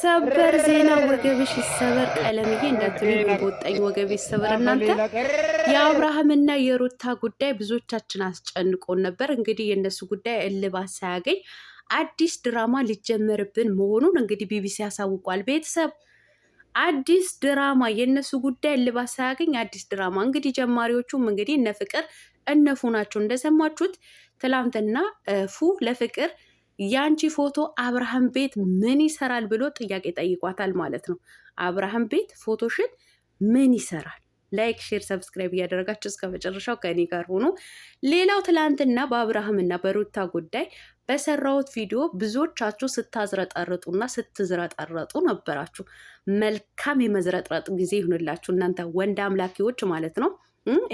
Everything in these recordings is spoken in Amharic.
ሰበር ዜና ወገብሽ ይሰበር፣ ቀለምዬ እንዳትሉ በወጣኝ ወገብ ይሰበር። እናንተ የአብርሃምና የሩታ ጉዳይ ብዙዎቻችን አስጨንቆን ነበር። እንግዲህ የእነሱ ጉዳይ እልባት ሳያገኝ አዲስ ድራማ ሊጀመርብን መሆኑን እንግዲህ ቢቢሲ ያሳውቋል። ቤተሰብ አዲስ ድራማ የእነሱ ጉዳይ እልባት ሳያገኝ አዲስ ድራማ እንግዲህ ጀማሪዎቹም እንግዲህ እነ ፍቅር ናቸው። እንደሰማችሁት ትላንትና ፉ ለፍቅር ያንቺ ፎቶ አብርሃም ቤት ምን ይሰራል ብሎ ጥያቄ ጠይቋታል ማለት ነው። አብርሃም ቤት ፎቶሽን ምን ይሰራል? ላይክ፣ ሼር፣ ሰብስክራይብ እያደረጋችሁ እስከ መጨረሻው ከእኔ ጋር ሆኖ ሌላው ትላንትና በአብርሃምና በሩታ ጉዳይ በሰራሁት ቪዲዮ ብዙዎቻችሁ ስታዝረጠርጡና ስትዝረጠረጡ ነበራችሁ። መልካም የመዝረጥረጥ ጊዜ ይሁንላችሁ እናንተ ወንድ አምላኪዎች ማለት ነው።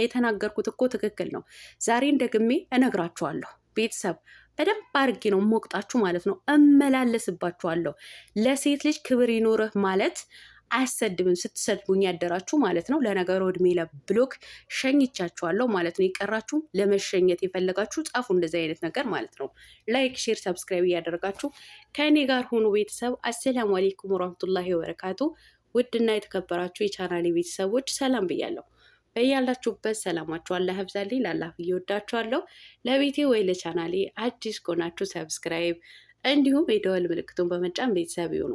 የተናገርኩት እኮ ትክክል ነው። ዛሬን ደግሜ እነግራችኋለሁ ቤተሰብ በደንብ አድርጌ ነው ሞቅጣችሁ ማለት ነው። እመላለስባችኋለሁ። ለሴት ልጅ ክብር ይኖርህ ማለት አያሰድብም ስትሰድቡኝ ያደራችሁ ማለት ነው። ለነገሩ እድሜ ለብሎክ ሸኝቻችኋለሁ ማለት ነው። የቀራችሁ ለመሸኘት የፈለጋችሁ ጻፉ፣ እንደዚህ አይነት ነገር ማለት ነው። ላይክ፣ ሼር፣ ሰብስክራይብ እያደረጋችሁ ከእኔ ጋር ሆኑ ቤተሰብ። አሰላሙ አሌይኩም ወረህመቱላሂ ወበረካቱ። ውድና የተከበራችሁ የቻናሌ ቤተሰቦች ሰላም ብያለሁ። በያላችሁበት ሰላማችሁ አላህ ያብዛልኝ። ላላፍ እየወዳችኋለሁ። ለቤቴ ወይ ለቻናሌ አዲስ ከሆናችሁ ሰብስክራይብ እንዲሁም የደወል ምልክቱን በመጫን ቤተሰብ ይሁኑ።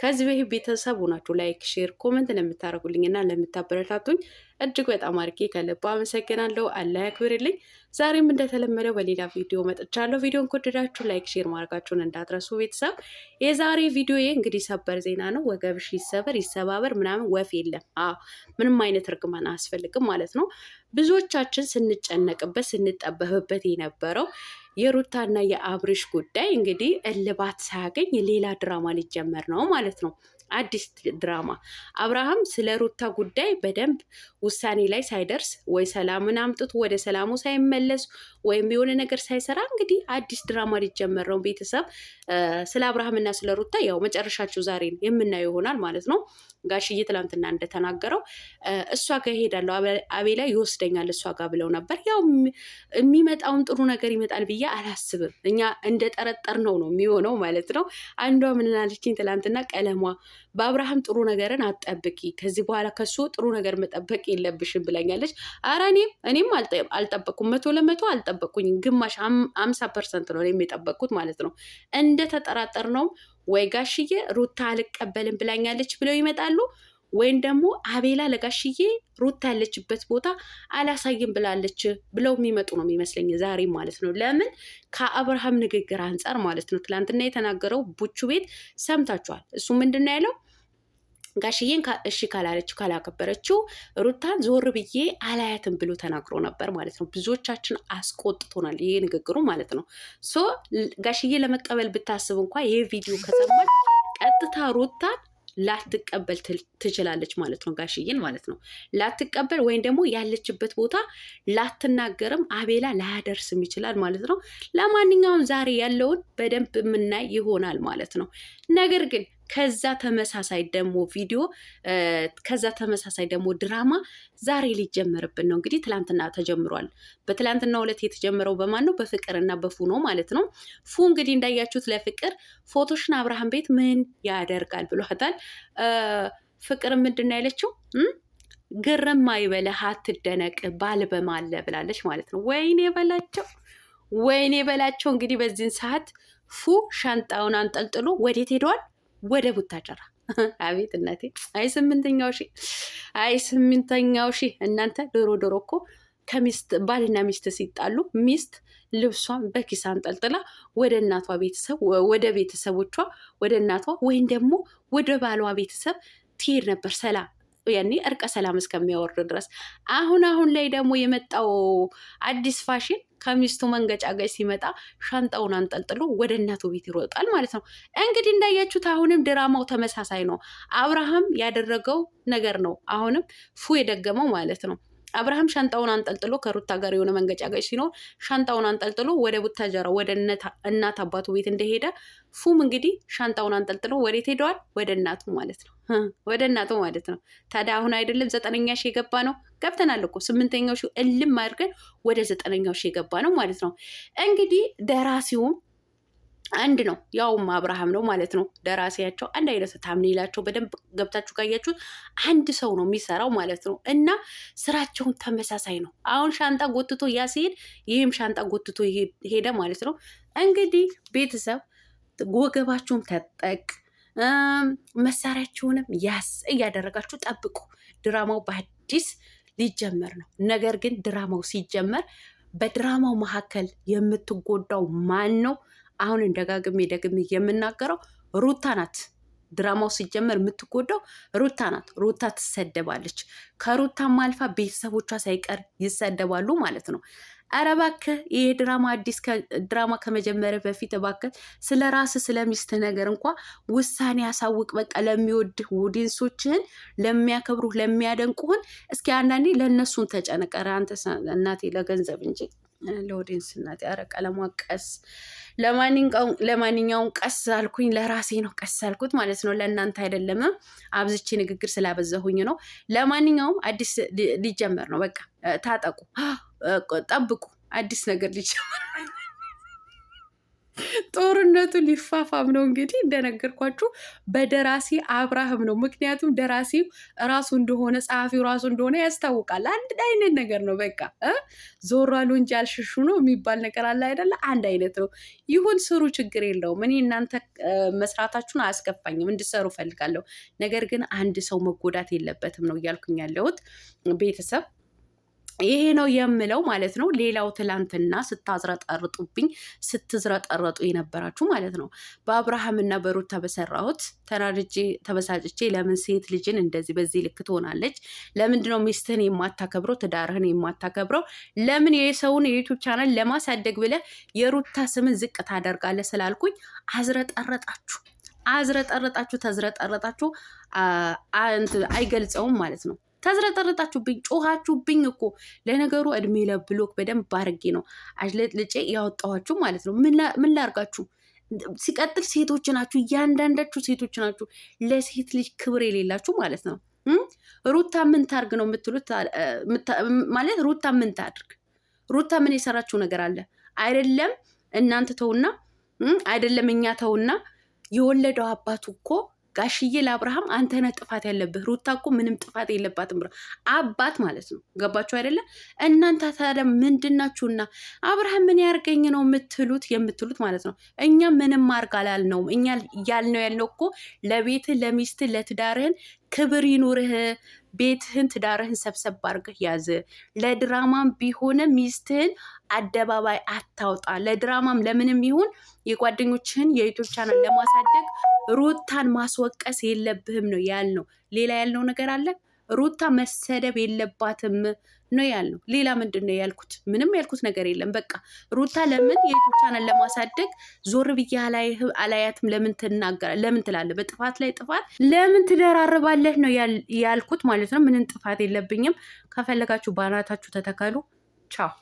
ከዚህ በፊት ቤተሰብ ሆናችሁ ላይክ፣ ሼር፣ ኮመንት ለምታደርጉልኝ እና ለምታበረታቱኝ እጅግ በጣም አድርጌ ከልብ አመሰግናለሁ። አላህ ያክብርልኝ። ዛሬም እንደተለመደው በሌላ ቪዲዮ መጥቻለሁ። ቪዲዮን ከወደዳችሁ ላይክ፣ ሼር ማድረጋችሁን እንዳትረሱ ቤተሰብ። የዛሬ ቪዲዮ እንግዲህ ሰበር ዜና ነው። ወገብሽ ይሰበር ይሰባበር ምናምን ወፍ የለም። አዎ ምንም አይነት እርግማን አያስፈልግም ማለት ነው። ብዙዎቻችን ስንጨነቅበት ስንጠበብበት የነበረው የሩታና የአብርሽ ጉዳይ እንግዲህ እልባት ሳያገኝ ሌላ ድራማ ሊጀመር ነው ማለት ነው። አዲስ ድራማ አብርሃም ስለ ሩታ ጉዳይ በደንብ ውሳኔ ላይ ሳይደርስ ወይ ሰላምን አምጡት ወደ ሰላሙ ሳይመለስ ወይም የሆነ ነገር ሳይሰራ እንግዲህ አዲስ ድራማ ሊጀመር ነው። ቤተሰብ ስለ አብርሃምና ስለ ሩታ ያው መጨረሻችሁ ዛሬ የምናየው ይሆናል ማለት ነው። ጋሽዬ ትላንትና እንደተናገረው እሷ ጋር እሄዳለሁ አቤላ ይወስደኛል እሷ ጋር ብለው ነበር። ያው የሚመጣውም ጥሩ ነገር ይመጣል ብዬ አላስብም። እኛ እንደ ጠረጠር ነው ነው የሚሆነው ማለት ነው። አንዷ ምንናለችኝ ትላንትና ቀለሟ በአብርሃም ጥሩ ነገርን አትጠብቂ፣ ከዚህ በኋላ ከሱ ጥሩ ነገር መጠበቅ የለብሽም ብላኛለች። አረ እኔም እኔም አልጠበኩም፣ መቶ ለመቶ አልጠበቅኩኝም። ግማሽ አምሳ ፐርሰንት ነው እኔም የጠበቅኩት ማለት ነው። እንደ ተጠራጠር ነው ወይ ጋሽዬ ሩታ አልቀበልም ብላኛለች ብለው ይመጣሉ ወይም ደግሞ አቤላ ለጋሽዬ ሩታ ያለችበት ቦታ አላሳይም ብላለች ብለው የሚመጡ ነው የሚመስለኝ ዛሬ ማለት ነው። ለምን ከአብርሃም ንግግር አንጻር ማለት ነው። ትላንትና የተናገረው ቡቹ ቤት ሰምታችኋል። እሱ ምንድን ነው ያለው? ጋሽዬን እሺ ካላለችው ካላከበረችው ሩታን ዞር ብዬ አላያትም ብሎ ተናግሮ ነበር ማለት ነው። ብዙዎቻችን አስቆጥቶናል ይሄ ንግግሩ ማለት ነው። ሶ ጋሽዬ ለመቀበል ብታስብ እንኳ ይሄ ቪዲዮ ከሰማች ቀጥታ ሩታን ላትቀበል ትችላለች ማለት ነው። ጋሽዬን ማለት ነው ላትቀበል ወይም ደግሞ ያለችበት ቦታ ላትናገርም፣ አቤላ ላያደርስም ይችላል ማለት ነው። ለማንኛውም ዛሬ ያለውን በደንብ የምናይ ይሆናል ማለት ነው። ነገር ግን ከዛ ተመሳሳይ ደግሞ ቪዲዮ ከዛ ተመሳሳይ ደግሞ ድራማ ዛሬ ሊጀመርብን ነው። እንግዲህ ትላንትና ተጀምሯል። በትላንትና ዕለት የተጀመረው በማን ነው? በፍቅርና በፉ ነው ማለት ነው። ፉ እንግዲህ እንዳያችሁት ለፍቅር ፎቶሽን አብርሃም ቤት ምን ያደርጋል ብሏታል። ፍቅር ምንድን ነው ያለችው? ግርም አይበለህ አትደነቅ፣ ባል በማለ ብላለች ማለት ነው። ወይኔ በላቸው ወይኔ በላቸው። እንግዲህ በዚህን ሰዓት ፉ ሻንጣውን አንጠልጥሎ ወዴት ሄደዋል? ወደ ቡታጨራ አቤት እናቴ! አይ ስምንተኛው ሺ አይ ስምንተኛው ሺ እናንተ ዶሮ ዶሮ እኮ ከሚስት ባልና ሚስት ሲጣሉ ሚስት ልብሷን በኪስ አንጠልጥላ ወደ እናቷ ቤተሰብ ወደ ቤተሰቦቿ ወደ እናቷ ወይም ደግሞ ወደ ባሏ ቤተሰብ ትሄድ ነበር ሰላም ያኔ እርቀ ሰላም እስከሚያወርድ ድረስ። አሁን አሁን ላይ ደግሞ የመጣው አዲስ ፋሽን ከሚስቱ መንገጫገጭ ሲመጣ ሻንጣውን አንጠልጥሎ ወደ እናቱ ቤት ይሮጣል ማለት ነው። እንግዲህ እንዳያችሁት አሁንም ድራማው ተመሳሳይ ነው። አብርሃም ያደረገው ነገር ነው። አሁንም ፉ የደገመው ማለት ነው። አብርሃም ሻንጣውን አንጠልጥሎ ከሩታ ጋር የሆነ ገጭ ሲኖር ሻንጣውን አንጠልጥሎ ወደ ቡታጀራ ወደ እናት አባቱ ቤት እንደሄደ ፉም እንግዲህ ሻንጣውን አንጠልጥሎ ወዴት ሄደዋል? ወደ እናቱ ማለት ነው። ወደ እናቱ ማለት ነው። ታዲያ አሁን አይደለም ዘጠነኛ ሺ የገባ ነው። ገብተናል እኮ ስምንተኛው ሺ እልም አድርገን ወደ ዘጠነኛው ሺ የገባ ነው ማለት ነው። እንግዲህ ደራሲውም አንድ ነው ያውም አብርሃም ነው ማለት ነው። ደራሲያቸው አንድ አይነት ይላቸው በደንብ ገብታችሁ ካያችሁት አንድ ሰው ነው የሚሰራው ማለት ነው። እና ስራቸውን ተመሳሳይ ነው። አሁን ሻንጣ ጎትቶ ያ ሲሄድ ይህም ሻንጣ ጎትቶ ሄደ ማለት ነው። እንግዲህ ቤተሰብ ወገባችሁም ተጠቅ መሳሪያችሁንም ያስ እያደረጋችሁ ጠብቁ። ድራማው በአዲስ ሊጀመር ነው። ነገር ግን ድራማው ሲጀመር በድራማው መካከል የምትጎዳው ማን ነው? አሁን ደጋግሜ ደግሜ የምናገረው ሩታ ናት። ድራማው ሲጀመር የምትጎዳው ሩታ ናት። ሩታ ትሰደባለች። ከሩታ ማልፋ ቤተሰቦቿ ሳይቀር ይሰደባሉ ማለት ነው። ኧረ እባክህ ይሄ ድራማ አዲስ ድራማ ከመጀመሪያ በፊት እባክህ ስለ ራስ ስለ ሚስትህ ነገር እንኳ ውሳኔ ያሳውቅ። በቃ ለሚወድ ውዲንሶችህን ለሚያከብሩህ፣ ለሚያደንቁህን እስኪ አንዳንዴ ለእነሱን ተጨነቀረ አንተ እናቴ ለገንዘብ እንጂ ለኦዲንስ ስናት ያረ ቀለሟ ቀስ ለማንኛውም ቀስ አልኩኝ። ለራሴ ነው ቀስ አልኩት ማለት ነው፣ ለእናንተ አይደለም። አብዝቼ ንግግር ስላበዛሁኝ ነው። ለማንኛውም አዲስ ሊጀመር ነው። በቃ ታጠቁ፣ ጠብቁ። አዲስ ነገር ሊጀመር ጦርነቱ ሊፋፋም ነው እንግዲህ እንደነገርኳችሁ በደራሲ አብርሃም ነው። ምክንያቱም ደራሲው ራሱ እንደሆነ ጸሐፊው ራሱ እንደሆነ ያስታውቃል። አንድ አይነት ነገር ነው። በቃ ዞሮ አሉ እንጂ አልሽሹ ነው የሚባል ነገር አለ አይደለ? አንድ አይነት ነው። ይሁን ስሩ፣ ችግር የለውም። እኔ እናንተ መስራታችሁን አያስከፋኝም፣ እንድሰሩ ፈልጋለሁ። ነገር ግን አንድ ሰው መጎዳት የለበትም ነው እያልኩኝ ያለሁት ቤተሰብ ይሄ ነው የምለው ማለት ነው። ሌላው ትላንትና ስታዝረጠርጡብኝ ስትዝረጠረጡ የነበራችሁ ማለት ነው። በአብርሃምና በሩታ ተበሰራሁት ተናድጄ ተበሳጭቼ፣ ለምን ሴት ልጅን እንደዚህ በዚህ ልክ ትሆናለች? ለምንድነው ሚስትህን የማታከብረው? ትዳርህን የማታከብረው? ለምን የሰውን የዩቱብ ቻናል ለማሳደግ ብለህ የሩታ ስምን ዝቅ ታደርጋለህ? ስላልኩኝ አዝረጠረጣችሁ፣ አዝረጠረጣችሁ፣ ተዝረጠረጣችሁ። አይገልጸውም ማለት ነው። ተዝረጠረጣችሁብኝ፣ ጮኋችሁብኝ እኮ ለነገሩ እድሜ ለብሎክ በደንብ አድርጌ ነው አጅለጥልጬ ያወጣኋችሁ ማለት ነው። ምን ላርጋችሁ? ሲቀጥል ሴቶች ናችሁ፣ እያንዳንዳችሁ ሴቶች ናችሁ፣ ለሴት ልጅ ክብር የሌላችሁ ማለት ነው። ሩታ ምን ታርግ ነው የምትሉት? ማለት ሩታ ምን ታድርግ? ሩታ ምን የሰራችው ነገር አለ? አይደለም እናንተ ተውና፣ አይደለም እኛ ተውና፣ የወለደው አባቱ እኮ ጋሽዬ ለአብርሃም አንተ ነህ ጥፋት ያለብህ፣ ሩታ እኮ ምንም ጥፋት የለባትም ብሎ አባት ማለት ነው። ገባችሁ አይደለ? እናንተ ታዲያ ምንድናችሁና አብርሃም ምን ያርገኝ ነው የምትሉት የምትሉት ማለት ነው። እኛ ምንም አርግ አላልነውም። እኛ ያልነው ያልነው እኮ ለቤትህ ለሚስትህ ለትዳርህን ክብር ይኑርህ ቤትህን፣ ትዳርህን ሰብሰብ አድርገህ ያዝ። ለድራማም ቢሆን ሚስትህን አደባባይ አታውጣ። ለድራማም ለምንም ይሁን የጓደኞችህን የዩቱብ ለማሳደግ ሩታን ማስወቀስ የለብህም ነው ያልነው። ሌላ ያልነው ነገር አለ ሩታ መሰደብ የለባትም ነው ያልነው። ሌላ ምንድን ነው ያልኩት? ምንም ያልኩት ነገር የለም። በቃ ሩታ ለምን የዩቱብ ቻናል ለማሳደግ ዞር ብዬ አላያትም? ለምን ትናገራ? ለምን ትላለህ? በጥፋት ላይ ጥፋት ለምን ትደራርባለህ? ነው ያልኩት ማለት ነው። ምንም ጥፋት የለብኝም። ከፈለጋችሁ ባናታችሁ ተተከሉ። ቻው